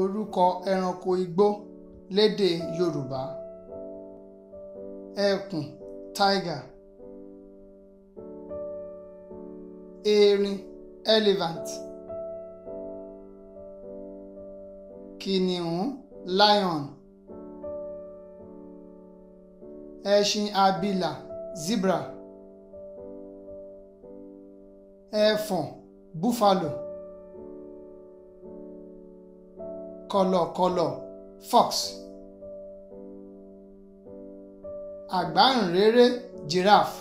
orúkọ ẹranko igbó lédè Yorùbá ẹkùn tiger erin elephant kìnìún lion ẹṣin abila zebra ẹfọ̀n buffalo. kọ̀lọ̀kọ̀lọ̀ fox àgbáǹréré giraffe